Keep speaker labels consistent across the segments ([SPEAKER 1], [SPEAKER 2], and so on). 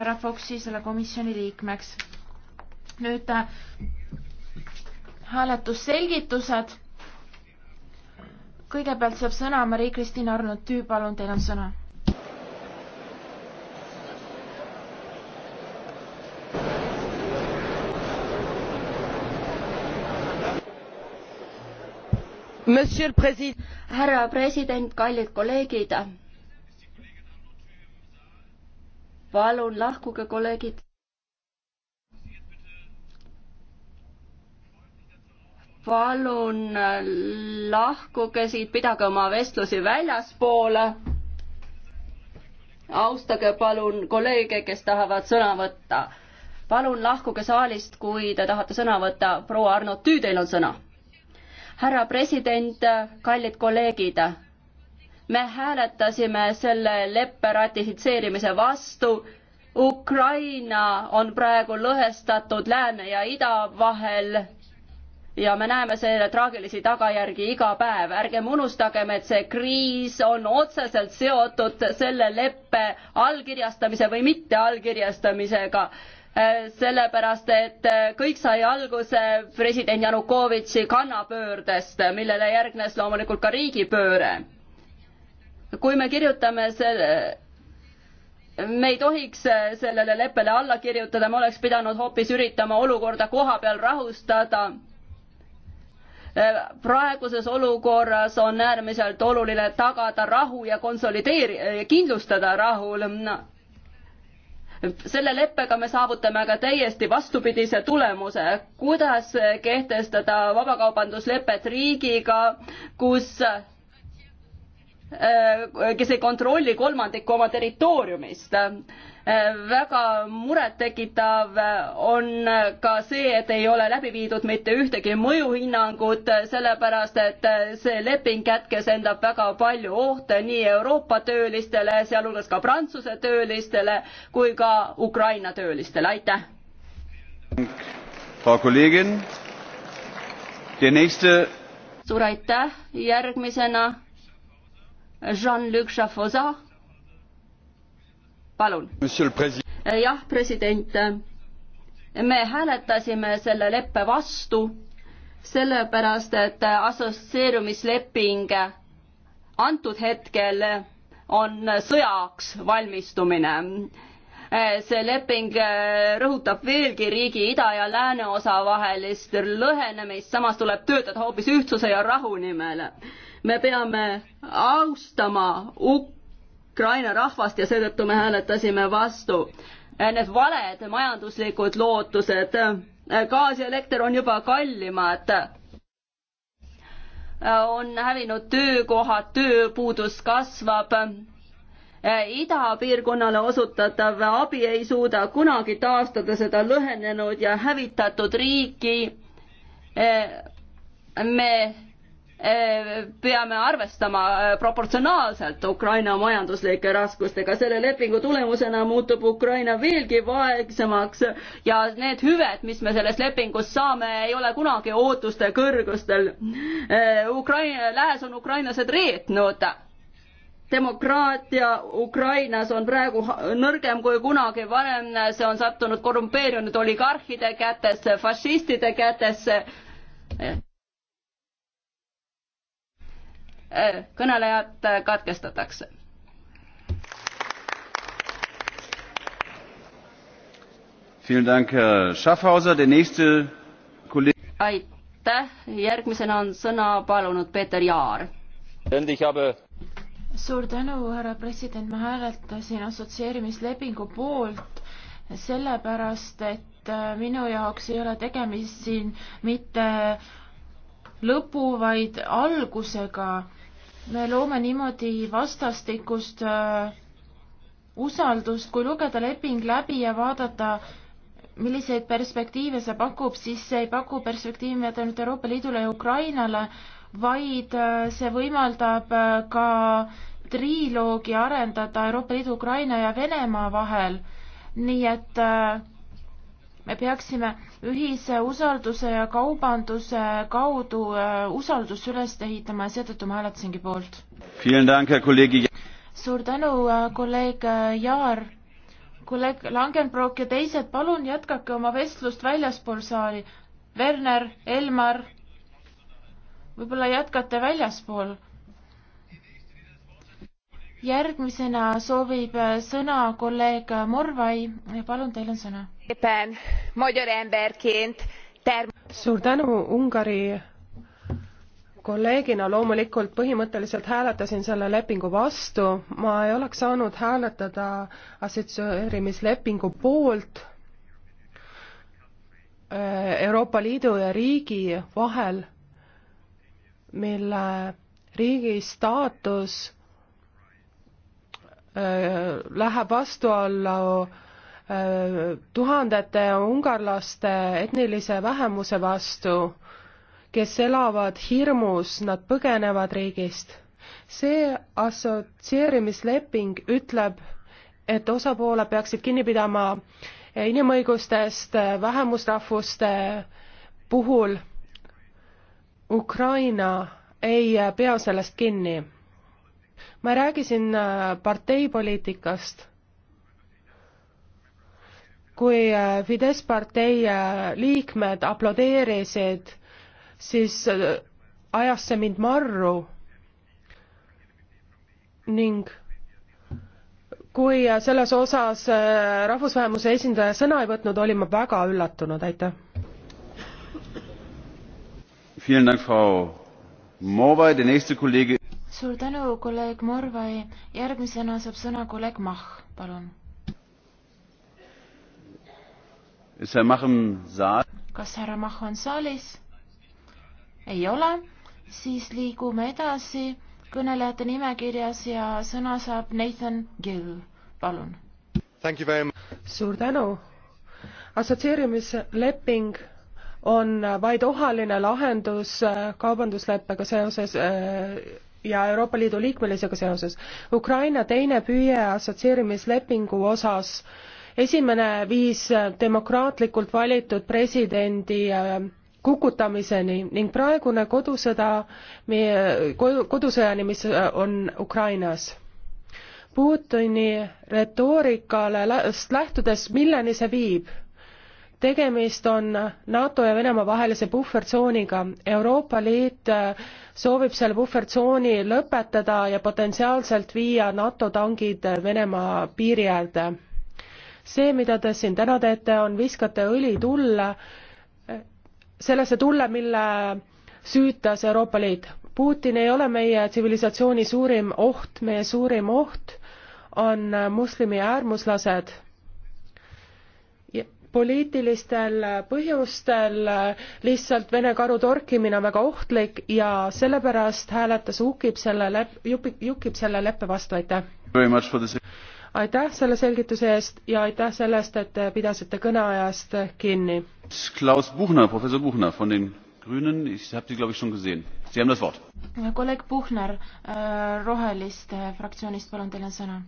[SPEAKER 1] härra Foxi selle komisjoni liikmeks. nüüd äh, hääletusselgitused. kõigepealt saab sõna Marie-Kristina Arnold-Tüü, palun, teil on sõna.
[SPEAKER 2] härra president, kallid kolleegid palun lahkuge, kolleegid. palun lahkuge siit, pidage oma vestlusi väljaspoole. austage palun kolleege, kes tahavad sõna võtta. palun lahkuge saalist, kui te tahate sõna võtta. proua Arno Tüü, teil on sõna. härra president, kallid kolleegid me hääletasime selle leppe ratifitseerimise vastu. Ukraina on praegu lõhestatud lääne ja ida vahel ja me näeme selle traagilisi tagajärgi iga päev. ärgem unustagem, et see kriis on otseselt seotud selle leppe allkirjastamise või mitteallkirjastamisega sellepärast, et kõik sai alguse president Janukovitši kannapöördest, millele järgnes loomulikult ka riigipööre kui me kirjutame selle me ei tohiks sellele leppele alla kirjutada, me oleks pidanud hoopis üritama olukorda kohapeal rahustada. praeguses olukorras on äärmiselt oluline tagada rahu ja konsolideeri-, kindlustada rahul. selle leppega me saavutame aga täiesti vastupidise tulemuse, kuidas kehtestada vabakaubanduslepet riigiga, kus Äh, kes ei kontrolli kolmandikku oma territooriumist. Äh, väga murettekitav äh, on ka see, et ei ole läbi viidud mitte ühtegi mõjuhinnangut, sellepärast et see leping kätkes endab väga palju ohte nii Euroopa töölistele, sealhulgas ka Prantsuse töölistele, kui ka Ukraina töölistele, aitäh!
[SPEAKER 3] Frau Kollegin, der nächste
[SPEAKER 2] suur aitäh, järgmisena Jean-Luc Jaffosa. palun. Eh, jah, president, me hääletasime selle leppe vastu, sellepärast et assotsieerumisleping antud hetkel on sõjaks valmistumine Eh, see leping eh, rõhutab veelgi riigi ida ja lääneosa vahelist lõhenemist, samas tuleb töötada hoopis ühtsuse ja rahu nimel. me peame austama Ukraina rahvast ja seetõttu me hääletasime vastu. Eh, need valed majanduslikud lootused, gaas ja elekter on juba kallimad on hävinud töökohad, tööpuudus kasvab Äh, idapiirkonnale osutatav abi ei suuda kunagi taastada seda lõhenenud ja hävitatud riiki. Äh, me äh, peame arvestama proportsionaalselt Ukraina majanduslike raskustega. selle lepingu tulemusena muutub Ukraina veelgi vaegsemaks ja need hüved, mis me sellest lepingust saame, ei ole kunagi ootuste kõrgustel. Ukraina, lääs on ukrainlased reetnud demokraatia Ukrainas on praegu nõrgem kui kunagi varem, see on sattunud korrumpeerunud oligarhide kätesse, fašistide kätesse. kõnelejad katkestatakse. aitäh, järgmisena on sõna palunud Peeter Jaar. Ich habe
[SPEAKER 1] suur tänu, härra president, ma hääletasin assotsieerimislepingu poolt sellepärast, et äh, minu jaoks ei ole tegemist siin mitte lõpu, vaid algusega. me loome niimoodi vastastikust äh, usaldust, kui lugeda leping läbi ja vaadata, milliseid perspektiive see pakub, siis see ei paku perspektiivi mitte ainult Euroopa Liidule ja Ukrainale, vaid äh, see võimaldab ka triloogi arendada Euroopa Liidu, Ukraina ja Venemaa vahel, nii et äh, me peaksime ühise usalduse ja kaubanduse kaudu äh, usaldust üles ehitama ja seetõttu ma hääletasingi poolt. suur tänu, äh, kolleeg Jaar. kolleeg Langenbrock ja teised, palun jätkake oma vestlust väljaspool saali. Werner, Elmar, võib-olla jätkate väljaspool järgmisena soovib äh, sõna kolleeg Morvai, palun, teil on sõna.
[SPEAKER 4] suur tänu, Ungari kolleegina loomulikult põhimõtteliselt hääletasin selle lepingu vastu, ma ei oleks saanud hääletada assotsieerimislepingu poolt äh, Euroopa Liidu ja riigi vahel, mille riigi staatus Äh, läheb vastu alla äh, tuhandete ungarlaste etnilise vähemuse vastu, kes elavad hirmus, nad põgenevad riigist. see assotsieerimisleping ütleb, et osapooled peaksid kinni pidama inimõigustest vähemusrahvuste puhul Ukraina ei pea sellest kinni ma ei räägi siin äh, parteipoliitikast. kui äh, Fidesz partei äh, liikmed aplodeerisid, siis ajas see mind marru ning kui selles osas rahvusvähemuse esindaja sõna ei võtnud, olin ma väga üllatunud, aitäh
[SPEAKER 1] suur tänu, kolleeg Morvai. järgmisena saab sõna kolleeg Mah, palun. kas härra Mah on saalis? ei ole, siis liigume edasi kõnelejate nimekirjas
[SPEAKER 4] ja sõna saab Nathan Gill, palun. suur tänu. assotsieerimisleping on vaid ohaline lahendus kaubandusleppega seoses äh, ja Euroopa Liidu liikmelisega seoses. Ukraina teine püüe assotsieerimislepingu osas, esimene viis demokraatlikult valitud presidendi äh, kukutamiseni ning praegune kodusõda, kodusõjani, mis äh, on Ukrainas Putini retoorikale lähtudes, milleni see viib? tegemist on NATO ja Venemaa vahelise puhvertsooniga. Euroopa Liit äh, soovib selle puhvertsooni lõpetada ja potentsiaalselt viia NATO tangid Venemaa piiri äärde. see, mida te siin täna teete, on viskate õli tulle, äh, sellesse tulle, mille süütas Euroopa Liit. Putin ei ole meie tsivilisatsiooni suurim oht, meie suurim oht on muslimi äärmuslased poliitilistel põhjustel lihtsalt Vene karu torkimine on väga ohtlik ja sellepärast hääletas UKIP selle lep-, UKIP selle leppe vastu, aitäh! aitäh selle selgituse eest ja aitäh selle eest, et te pidasite kõneajast kinni.
[SPEAKER 3] Klaus Buchner, professor Buchner von den Grünen, ich habe Sie glaube ich schon gesehen. Sie haben das Wort.
[SPEAKER 4] kolleeg Buchner äh, Roheliste
[SPEAKER 1] fraktsioonist, palun, teil on sõna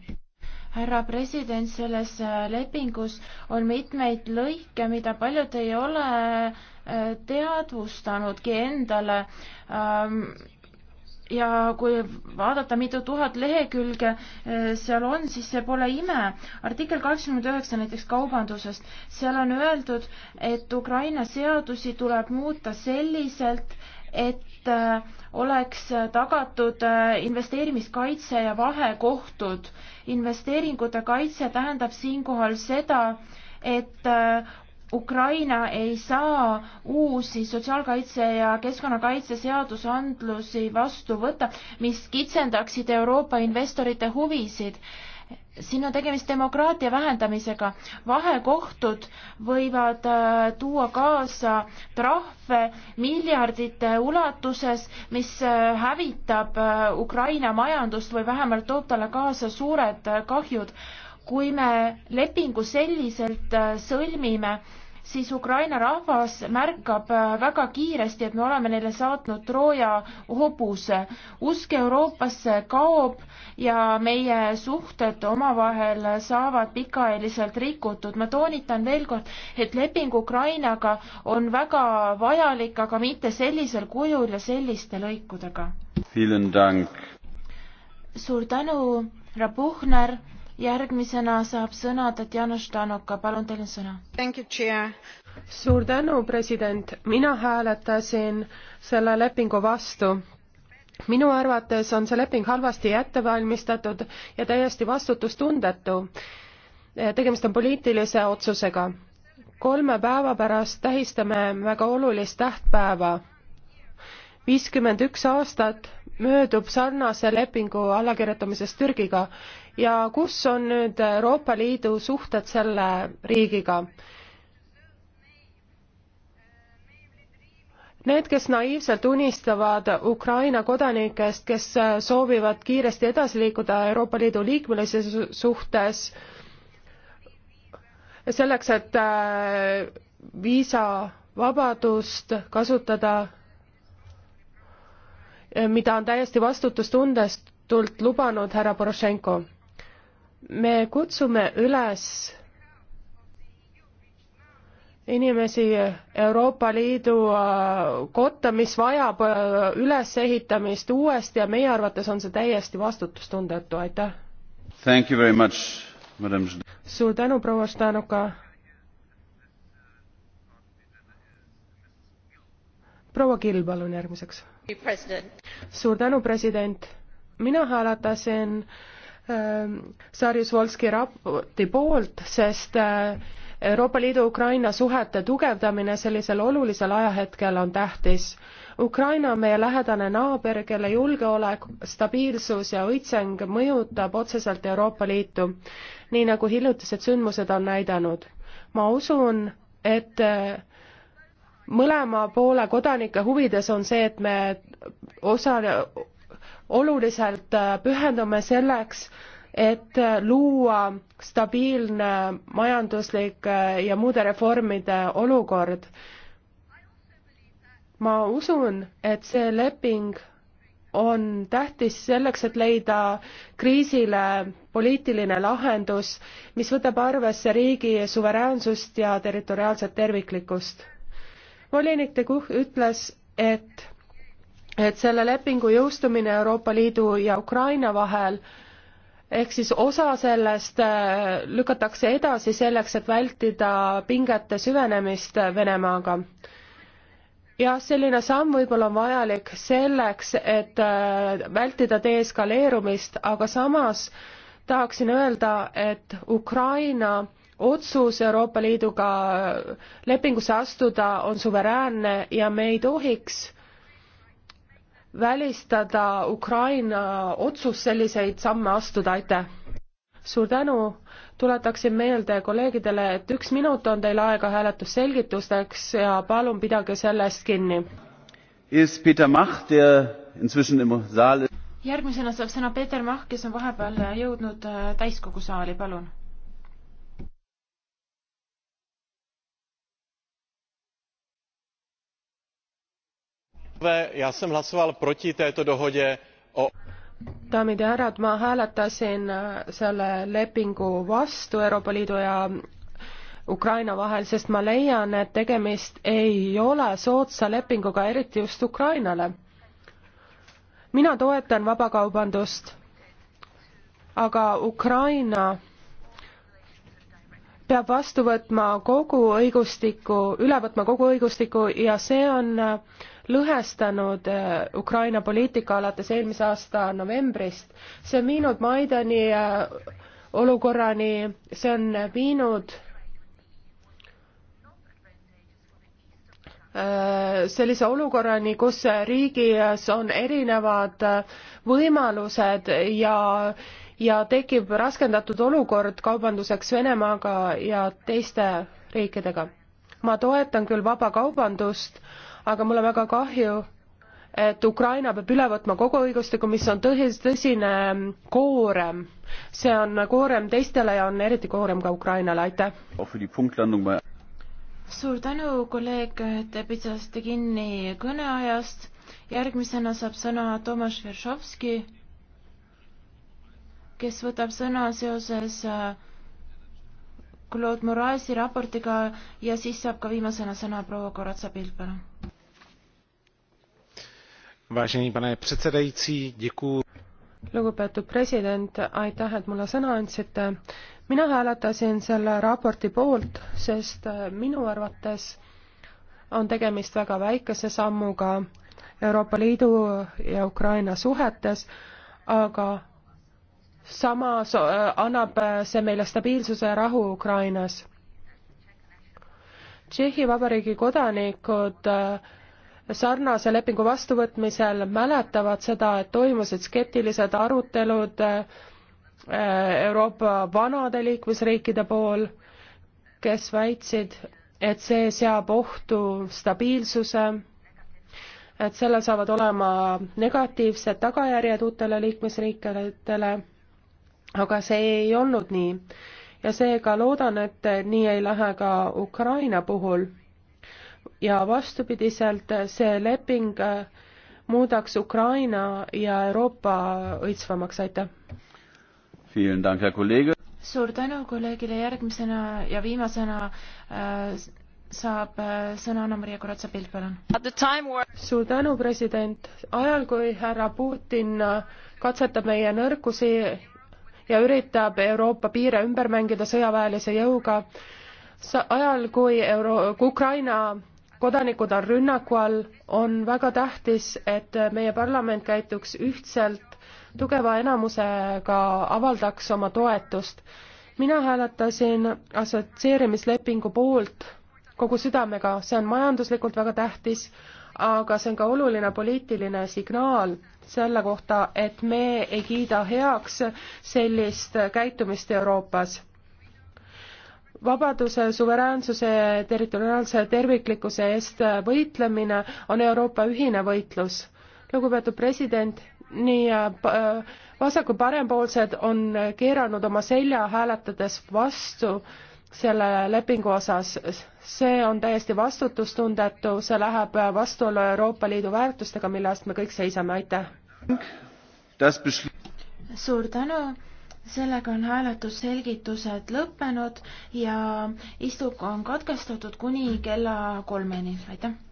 [SPEAKER 1] härra president, selles äh, lepingus on mitmeid lõike, mida paljud ei ole äh, teadvustanudki endale. Ähm, ja kui vaadata, mitu tuhat lehekülge äh, seal on, siis see pole ime. artikkel kaheksakümmend üheksa näiteks kaubandusest, seal on öeldud, et Ukraina seadusi tuleb muuta selliselt, et äh, oleks äh, tagatud äh, investeerimiskaitse ja vahekohtud. investeeringute kaitse tähendab siinkohal seda, et Ukraina ei saa uusi sotsiaalkaitse ja keskkonnakaitse seadusandlusi vastu võtta, mis kitsendaksid Euroopa investorite huvisid siin on tegemist demokraatia vähendamisega. vahekohtud võivad äh, tuua kaasa trahve miljardite ulatuses, mis äh, hävitab äh, Ukraina majandust või vähemalt toob talle kaasa suured kahjud. kui me lepingu selliselt sõlmime, siis Ukraina rahvas märkab äh, väga kiiresti, et me oleme neile saatnud Trooja hobuse. usk Euroopasse kaob ja meie suhted omavahel saavad pikaajaliselt rikutud. ma toonitan veel kord, et leping Ukrainaga on väga vajalik, aga mitte sellisel kujul ja selliste lõikudega. suur tänu, härra Puhner järgmisena saab sõna Tatjana Štanoka,
[SPEAKER 4] palun teil on sõna. suur tänu, president, mina hääletasin selle lepingu vastu minu arvates on see leping halvasti ette valmistatud ja täiesti vastutustundetu. tegemist on poliitilise otsusega. kolme päeva pärast tähistame väga olulist tähtpäeva. viiskümmend üks aastat möödub sarnase lepingu allakirjutamisest Türgiga ja kus on nüüd Euroopa Liidu suhted selle riigiga? Need, kes naiivselt unistavad Ukraina kodanikest, kes soovivad kiiresti edasi liikuda Euroopa Liidu liikmelise suhtes, selleks, et äh, viisavabadust kasutada, mida on täiesti vastutustundestult lubanud härra Porošenko me kutsume üles inimesi Euroopa Liidu äh, kotta, mis vajab äh, ülesehitamist uuesti ja meie arvates on see täiesti vastutustundetu, aitäh. suur tänu, proua Štanuka. proua Kill, palun järgmiseks. suur tänu, president. mina hääletasin äh, Ähm, Sarjus Volski raporti poolt, sest äh, Euroopa Liidu-Ukraina suhete tugevdamine sellisel olulisel ajahetkel on tähtis. Ukraina on meie lähedane naaber, kelle julgeolek, stabiilsus ja õitseng mõjutab otseselt Euroopa Liitu, nii nagu hiljutised sündmused on näidanud. ma usun, et äh, mõlema poole kodanike huvides on see, et me osa, oluliselt äh, pühendume selleks, et äh, luua stabiilne majanduslik äh, ja muude reformide olukord. ma usun, et see leping on tähtis selleks, et leida kriisile poliitiline lahendus, mis võtab arvesse riigi suveräänsust ja territoriaalset terviklikkust. volinik De Guh ütles, et et selle lepingu jõustumine Euroopa Liidu ja Ukraina vahel ehk siis osa sellest äh, lükatakse edasi selleks, et vältida pingete süvenemist Venemaaga. jah, selline samm võib-olla on vajalik selleks, et äh, vältida deeskaleerumist, aga samas tahaksin öelda, et Ukraina otsus Euroopa Liiduga äh, lepingusse astuda on suveräänne ja me ei tohiks välistada Ukraina otsus selliseid samme astuda, aitäh! suur tänu, tuletaksin meelde kolleegidele, et üks minut on teil aega hääletusselgitusteks ja palun pidage sellest kinni. järgmisena saab sõna Peeter Mahk,
[SPEAKER 1] kes on vahepeal jõudnud äh, täiskogu saali, palun
[SPEAKER 3] já jsem hlasoval proti této dohodě o
[SPEAKER 4] daamid ja härrad, ma hääletasin äh, selle lepingu vastu Euroopa Liidu ja Ukraina vahel, sest ma leian, et tegemist ei ole soodsa lepinguga, eriti just Ukrainale. mina toetan vabakaubandust, aga Ukraina peab vastu võtma kogu õigustiku, üle võtma kogu õigustiku ja see on äh, lõhestanud äh, Ukraina poliitika alates eelmise aasta novembrist. see on viinud Maidani äh, olukorrani, see on viinud sellise olukorrani, kus riigis on erinevad võimalused ja ja tekib raskendatud olukord kaubanduseks Venemaaga ja teiste riikidega. ma toetan küll vabakaubandust, aga mul on väga kahju, et Ukraina peab üle võtma kogu õigustiku, mis on tõsis, tõsine koorem. see on koorem teistele ja on eriti koorem ka Ukrainale, aitäh!
[SPEAKER 1] suur tänu, kolleeg, et te pidasite kinni kõneajast. järgmisena saab sõna Tomas Veršovski kes võtab sõna seoses äh, Claude Moraesi raportiga ja siis saab ka viimasena sõna proua Koratsa-Pilt, palun. Vážený pane předsedající, děkuji.
[SPEAKER 4] Lugupeetud president, aitäh, et mulle sõna andsite. mina hääletasin selle raporti poolt, sest äh, minu arvates on tegemist väga väikese sammuga Euroopa Liidu ja Ukraina suhetes, aga samas äh, annab äh, see meile stabiilsuse ja rahu Ukrainas. Tšehhi Vabariigi kodanikud äh, sarnase lepingu vastuvõtmisel mäletavad seda, et toimusid skeptilised arutelud Euroopa vanade liikmesriikide pool, kes väitsid, et see seab ohtu stabiilsuse, et sellel saavad olema negatiivsed tagajärjed uutele liikmesriikidele aga see ei olnud nii ja seega loodan, et nii ei lähe ka Ukraina puhul. ja vastupidiselt see leping äh, muudaks Ukraina ja Euroopa õitsvamaks, aitäh!
[SPEAKER 1] suur tänu kolleegile, järgmisena ja viimasena äh, saab äh, sõna Anna-Maria Korotsa-Pilt, palun.
[SPEAKER 4] suur tänu, president. ajal, kui härra Putin äh, katsetab meie nõrkusi ja üritab Euroopa piire ümber mängida sõjaväelise jõuga. ajal, kui Euro-, kui Ukraina kodanikud on rünnaku all, on väga tähtis, et meie parlament käituks ühtselt, tugeva enamusega avaldaks oma toetust. mina hääletasin assotsieerimislepingu poolt kogu südamega, see on majanduslikult väga tähtis aga see on ka oluline poliitiline signaal selle kohta, et me ei kiida heaks sellist käitumist Euroopas. vabaduse, suveräänsuse, territoriaalse terviklikkuse eest võitlemine on Euroopa ühine võitlus. lugupeetud president, nii äh, vasak- kui parempoolsed on keeranud oma selja hääletades vastu selle lepingu osas. see on täiesti vastutustundetu, see läheb vastuollu Euroopa Liidu väärtustega, mille eest me kõik seisame, aitäh! suur
[SPEAKER 1] tänu, sellega on hääletusselgitused lõppenud ja istung on katkestatud kuni kella kolmeni, aitäh!